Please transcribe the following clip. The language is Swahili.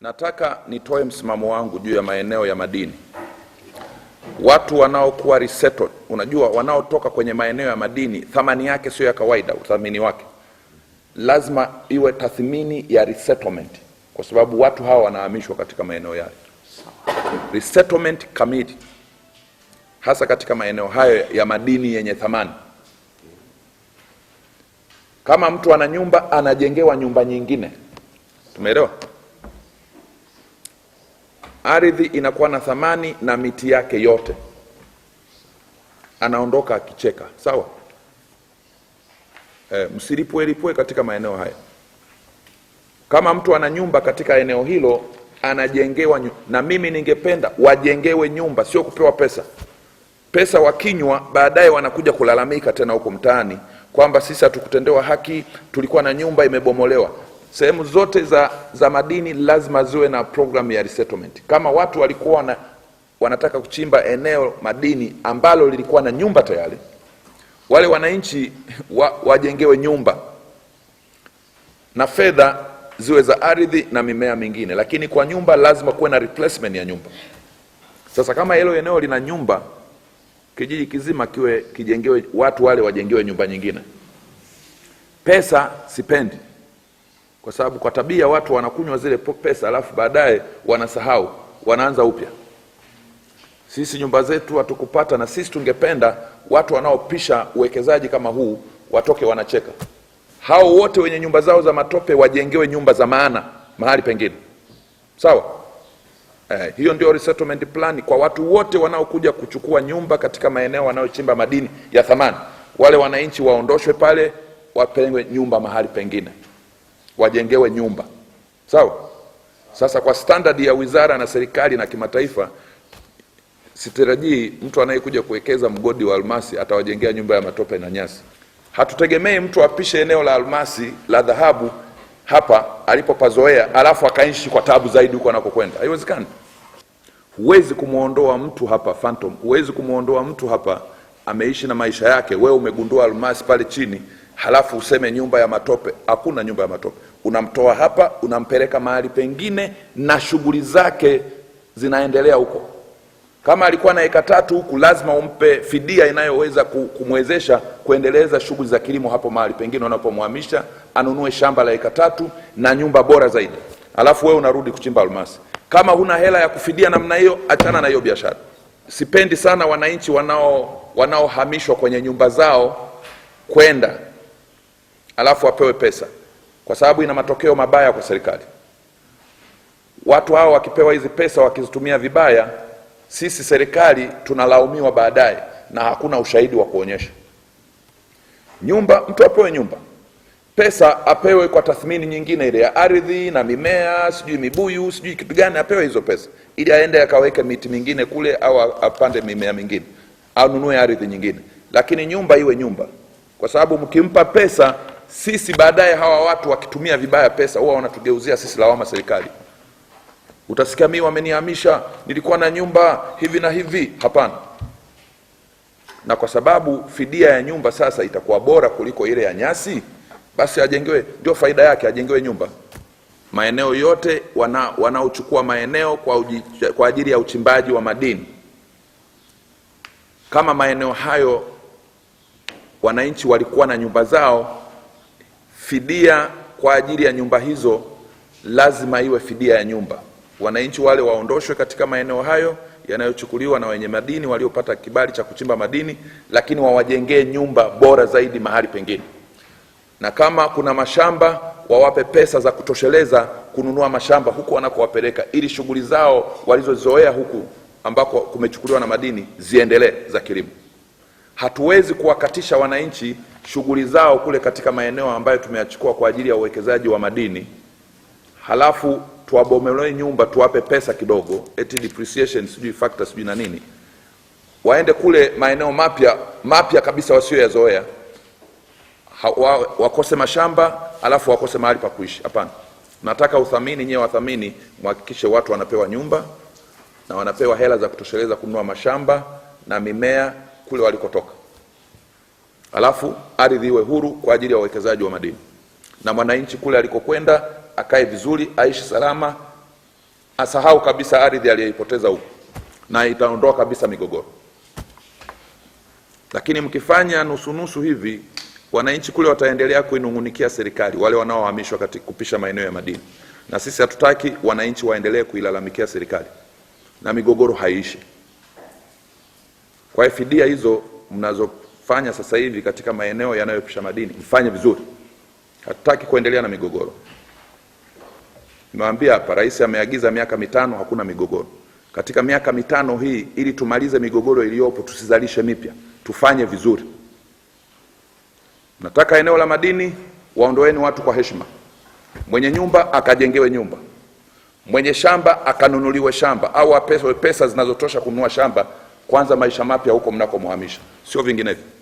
Nataka nitoe msimamo wangu juu ya maeneo ya madini. Watu wanaokuwa resettled, unajua wanaotoka kwenye maeneo ya madini, thamani yake sio ya kawaida. Uthamini wake lazima iwe tathmini ya resettlement, kwa sababu watu hawa wanahamishwa katika maeneo yale. Resettlement Committee, hasa katika maeneo hayo ya madini yenye thamani. Kama mtu ana nyumba, anajengewa nyumba nyingine, tumeelewa? ardhi inakuwa na thamani na miti yake yote. Anaondoka akicheka. Sawa e, eh, msilipuelipue katika maeneo haya. Kama mtu ana nyumba katika eneo hilo anajengewa nyumba. Na mimi ningependa wajengewe nyumba, sio kupewa pesa. Pesa wakinywa baadaye wanakuja kulalamika tena huko mtaani kwamba sisi hatukutendewa haki, tulikuwa na nyumba imebomolewa sehemu zote za, za madini lazima ziwe na programu ya resettlement. Kama watu walikuwa wana, wanataka kuchimba eneo madini ambalo lilikuwa na nyumba tayari, wale wananchi wa, wajengewe nyumba na fedha ziwe za ardhi na mimea mingine, lakini kwa nyumba lazima kuwe na replacement ya nyumba. Sasa kama hilo eneo lina nyumba, kijiji kizima kiwe kijengewe, watu wale wajengewe nyumba nyingine. Pesa sipendi kwa sababu kwa tabia watu wanakunywa zile pesa alafu baadaye wanasahau, wanaanza upya. Sisi nyumba zetu hatukupata, na sisi tungependa watu wanaopisha uwekezaji kama huu watoke wanacheka. Hao wote wenye nyumba zao za matope wajengewe nyumba za maana mahali pengine, sawa? Eh, hiyo ndio resettlement plan kwa watu wote wanaokuja kuchukua nyumba katika maeneo wanayochimba madini ya thamani. Wale wananchi waondoshwe pale, wapengwe nyumba mahali pengine wajengewe nyumba sawa. Sasa kwa standard ya wizara na serikali na kimataifa, sitarajii mtu anayekuja kuwekeza mgodi wa almasi atawajengea nyumba ya matope na nyasi. Hatutegemei mtu apishe eneo la almasi la dhahabu hapa alipopazoea, alafu akaishi kwa tabu zaidi huko anakokwenda. Haiwezekani. Huwezi kumwondoa mtu hapa phantom, huwezi kumwondoa mtu hapa ameishi na maisha yake, wewe umegundua almasi pale chini halafu useme nyumba ya matope. Hakuna nyumba ya matope. Unamtoa hapa unampeleka mahali pengine, na shughuli zake zinaendelea huko. Kama alikuwa na eka tatu huku, lazima umpe fidia inayoweza kumwezesha kuendeleza shughuli za kilimo hapo mahali pengine unapomhamisha, anunue shamba la eka tatu na nyumba bora zaidi, alafu wewe unarudi kuchimba almasi. Kama huna hela ya kufidia namna hiyo, achana na hiyo biashara. Sipendi sana wananchi wanao wanaohamishwa kwenye nyumba zao kwenda alafu apewe pesa, kwa sababu ina matokeo mabaya kwa serikali. Watu hao wakipewa hizi pesa wakizitumia vibaya, sisi serikali tunalaumiwa baadaye, na hakuna ushahidi wa kuonyesha. Nyumba, mtu apewe nyumba, pesa apewe kwa tathmini nyingine ile ya ardhi na mimea, sijui mibuyu, sijui kitu gani, apewe hizo pesa ili aende akaweke miti mingine kule, au apande mimea mingine, anunue ardhi nyingine, lakini nyumba iwe nyumba, kwa sababu mkimpa pesa sisi baadaye hawa watu wakitumia vibaya pesa huwa wanatugeuzia sisi lawama serikali. Utasikia mimi wamenihamisha, nilikuwa na nyumba hivi na hivi. Hapana. Na kwa sababu fidia ya nyumba sasa itakuwa bora kuliko ile ya nyasi, basi ajengewe, ndio faida yake, ajengewe nyumba. Maeneo yote wanaochukua wana maeneo kwa, uji, kwa ajili ya uchimbaji wa madini, kama maeneo hayo wananchi walikuwa na nyumba zao fidia kwa ajili ya nyumba hizo lazima iwe fidia ya nyumba. Wananchi wale waondoshwe katika maeneo hayo yanayochukuliwa na wenye madini waliopata kibali cha kuchimba madini, lakini wawajengee nyumba bora zaidi mahali pengine, na kama kuna mashamba wawape pesa za kutosheleza kununua mashamba huku wanakowapeleka, ili shughuli zao walizozoea huku ambako kumechukuliwa na madini ziendelee za kilimo. Hatuwezi kuwakatisha wananchi shughuli zao kule katika maeneo ambayo tumeyachukua kwa ajili ya uwekezaji wa madini, halafu tuwabomolee nyumba tuwape pesa kidogo, eti depreciation sijui factor sijui na nini, waende kule maeneo mapya mapya kabisa wasioyazoea, wakose mashamba alafu wakose mahali pa kuishi. Hapana, nataka uthamini, nyewe wathamini, mhakikishe watu wanapewa nyumba na wanapewa hela za kutosheleza kununua mashamba na mimea kule walikotoka alafu ardhi iwe huru kwa ajili ya wawekezaji wa madini, na mwananchi kule alikokwenda akae vizuri, aishi salama, asahau kabisa ardhi aliyoipoteza huko, na itaondoa kabisa migogoro. Lakini mkifanya nusunusu hivi, wananchi kule wataendelea kuinung'unikia serikali, wale wanaohamishwa katika kupisha maeneo ya madini, na sisi hatutaki wananchi waendelee kuilalamikia serikali na migogoro haiishi. Kwa fidia hizo mnazo fanya sasa hivi katika maeneo yanayopisha madini mfanye vizuri. Hatutaki kuendelea na migogoro. Nimewaambia hapa, rais ameagiza miaka mitano, hakuna migogoro katika miaka mitano hii. Ili tumalize migogoro iliyopo, tusizalishe mipya, tufanye vizuri. Nataka eneo la madini waondoeni watu kwa heshima, mwenye nyumba akajengewe nyumba, mwenye shamba akanunuliwe shamba au apewe pesa zinazotosha kununua shamba. Kwanza maisha mapya huko mnakomhamisha, sio vinginevyo.